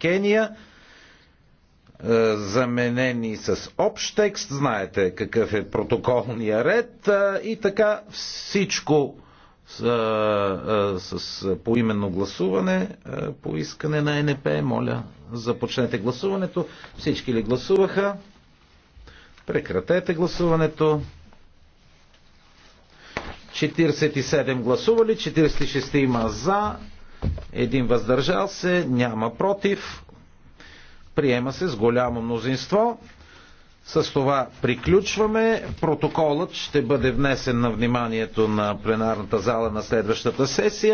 Кения, е, заменени с общ текст, знаете какъв е протоколния ред е, и така всичко е, с, с поименно гласуване по искане на НП. Моля, започнете гласуването. Всички ли гласуваха? Прекратете гласуването. 47 гласували, 46 има за, един въздържал се, няма против. Приема се с голямо мнозинство. С това приключваме. Протоколът ще бъде внесен на вниманието на пленарната зала на следващата сесия.